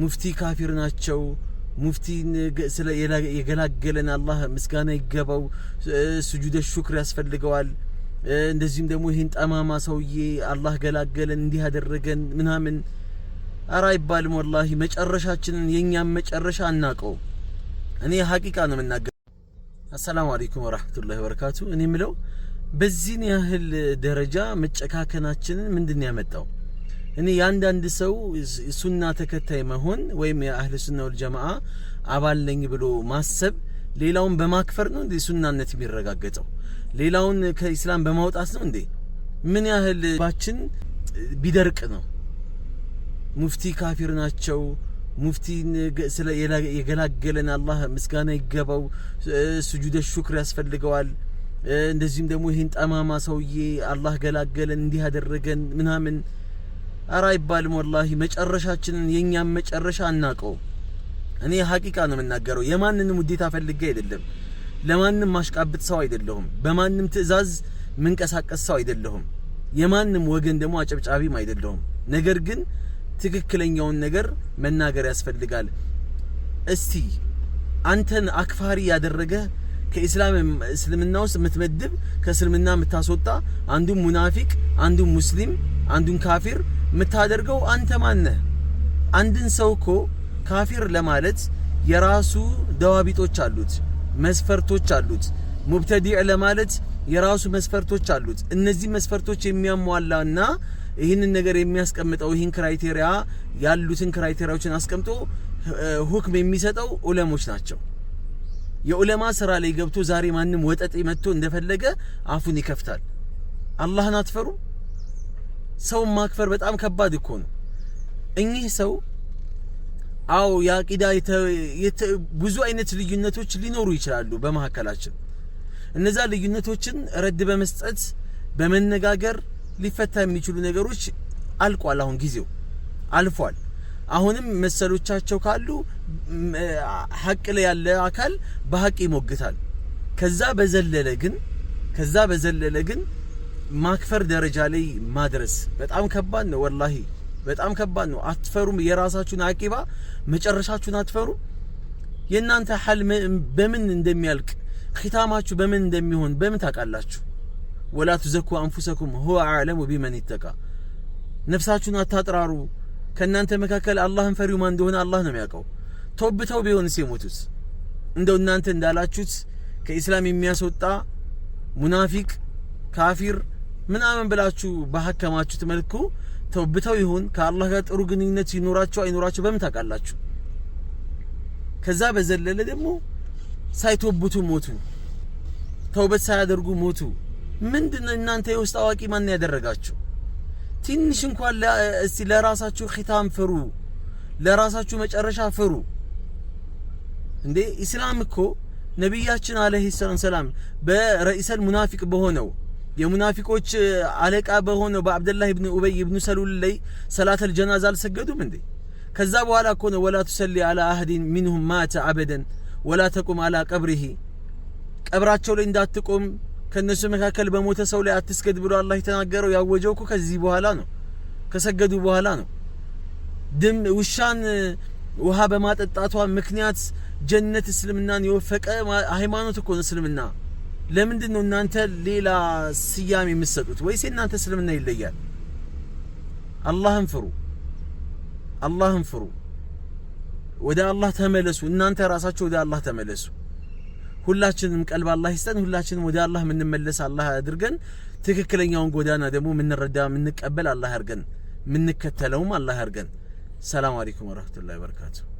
ሙፍቲ ካፊር ናቸው። ሙፍቲ የገላገለን አላህ ምስጋና ይገባው፣ ስጁደ ሹክር ያስፈልገዋል። እንደዚሁም ደግሞ ይህን ጠማማ ሰውዬ አላህ ገላገለን እንዲህ ያደረገን ምናምን አራ አይባልም። ወላሂ መጨረሻችንን የእኛም መጨረሻ አናቀው። እኔ ሀቂቃ ነው የምናገር። አሰላሙ አለይኩም ወራህመቱላሂ ወበረካቱ። እኔ ምለው በዚህን ያህል ደረጃ መጨካከናችንን ምንድን ያመጣው እኔ ያንዳንድ ሰው ሱና ተከታይ መሆን ወይም የአህል ሱና ወልጀማዓ አባል ነኝ ብሎ ማሰብ ሌላውን በማክፈር ነው እንዴ ሱናነት የሚረጋገጠው? ሌላውን ከኢስላም በማውጣት ነው እንዴ? ምን ያህል ባችን ቢደርቅ ነው? ሙፍቲ ካፊር ናቸው። ሙፍቲ የገላገለን አላህ ምስጋና ይገባው፣ ስጁደ ሹክር ያስፈልገዋል። እንደዚሁም ደግሞ ይህን ጠማማ ሰውዬ አላህ ገላገለን እንዲህ ያደረገን ምናምን አራ አይባልም። ወላሂ መጨረሻችንን የኛን መጨረሻ አናቀው። እኔ ሀቂቃ ነው የምናገረው። የማንንም ውዴታ ፈልጌ አይደለም። ለማንም ማሽቃብጥ ሰው አይደለሁም። በማንም ትዕዛዝ ምንቀሳቀስ ሰው አይደለሁም። የማንም ወገን ደግሞ አጨብጫቢም አይደለሁም። ነገር ግን ትክክለኛውን ነገር መናገር ያስፈልጋል። እስቲ አንተን አክፋሪ ያደረገ ከኢስላም እስልምና ውስጥ የምትመድብ ከእስልምና የምታስወጣ አንዱ ሙናፊቅ አንዱ ሙስሊም አንዱን ካፊር የምታደርገው አንተ ማነህ? አንድን ሰው እኮ ካፊር ለማለት የራሱ ደዋቢጦች አሉት፣ መስፈርቶች አሉት። ሙብተዲዕ ለማለት የራሱ መስፈርቶች አሉት። እነዚህ መስፈርቶች የሚያሟላና ይህንን ነገር የሚያስቀምጠው ይህን ክራይቴሪያ ያሉትን ክራይቴሪያዎችን አስቀምጦ ሁክም የሚሰጠው ዑለሞች ናቸው። የዑለማ ስራ ላይ ገብቶ ዛሬ ማንም ወጠጤ መጥቶ እንደፈለገ አፉን ይከፍታል። አላህን አትፈሩ ሰውን ማክፈር በጣም ከባድ እኮ ነው። እኚህ ሰው አዎ የአቂዳ ብዙ አይነት ልዩነቶች ሊኖሩ ይችላሉ በመካከላችን። እነዛ ልዩነቶችን ረድ በመስጠት በመነጋገር ሊፈታ የሚችሉ ነገሮች አልቋል። አሁን ጊዜው አልፏል። አሁንም መሰሎቻቸው ካሉ ሀቅ ላይ ያለ አካል በሀቅ ይሞግታል። ከዛ በዘለለ ግን ከዛ በዘለለ ግን ማክፈር ደረጃ ላይ ማድረስ በጣም ከባድ ነው። ወላሂ በጣም ከባድ ነው። አትፈሩም? የራሳችሁን አቂባ መጨረሻችሁን አትፈሩ። የእናንተ ሐል በምን እንደሚያልቅ ኺታማችሁ በምን እንደሚሆን በምን ታውቃላችሁ? ወላ ትዘኩ አንፉሰኩም ሁወ አዕለሙ ቢመን ይተቃ። ነፍሳችሁን አታጥራሩ። ከእናንተ መካከል አላህን ፈሪው ማን እንደሆነ አላህ ነው የሚያውቀው። ተውብተው ቢሆንስ የሞቱት እንደው እናንተ እንዳላችሁት ከኢስላም የሚያስወጣ ሙናፊቅ ካፊር ምናምን ብላችሁ በሀከማችሁት መልኩ ተውብተው ይሁን ከአላህ ጋር ጥሩ ግንኙነት ይኖራቸው አይኖራቸው በምን ታውቃላችሁ? ከዛ በዘለለ ደግሞ ሳይተውብቱ ሞቱ፣ ተውበት ሳያደርጉ ሞቱ። ምንድነው እናንተ የውስጥ አዋቂ ማን ያደረጋችሁ? ትንሽ እንኳን እስቲ ለራሳችሁ ኺታም ፍሩ፣ ለራሳችሁ መጨረሻ ፍሩ። እንዴ ኢስላም እኮ ነቢያችን አለይሂ ሰላም በረኢሰል ሙናፊቅ በሆነው የሙናፊቆች አለቃ በሆነው በአብደላህ ብን ኡበይ ብን ሰሉል ላይ ሰላተል ጀናዛ አልሰገዱም እንዴ? ከዛ በኋላ እኮ ነው ወላ ቱሰሊ አላ አህዲን ሚንሁም ማተ አበደን ወላ ተቁም አላ ቀብሪሂ ቀብራቸው ላይ እንዳትቆም ከእነሱ መካከል በሞተ ሰው ላይ አትስገድ ብሎ አላህ የተናገረው ያወጀው እኮ ከዚህ በኋላ ነው፣ ከሰገዱ በኋላ ነው። ድም ውሻን ውሃ በማጠጣቷ ምክንያት ጀነት እስልምናን የወፈቀ ሃይማኖት እኮ ነው እስልምና። ለምንድን ነው እናንተ ሌላ ስያሜ የምትሰጡት? ወይስ እናንተ እስልምና ይለያል? አላህን ፍሩ፣ አላህን ፍሩ፣ ወደ አላህ ተመለሱ። እናንተ ራሳችሁ ወደ አላህ ተመለሱ። ሁላችንም ቀልብ አላህ ይስጠን። ሁላችንም ወደ አላህ የምንመለስ አላህ አድርገን፣ ትክክለኛውን ጎዳና ደግሞ የምንረዳ የምንቀበል አላህ አድርገን፣ የምንከተለውም አላህ አድርገን። ሰላም አለይኩም ወራህመቱላሂ ወበረካቱ።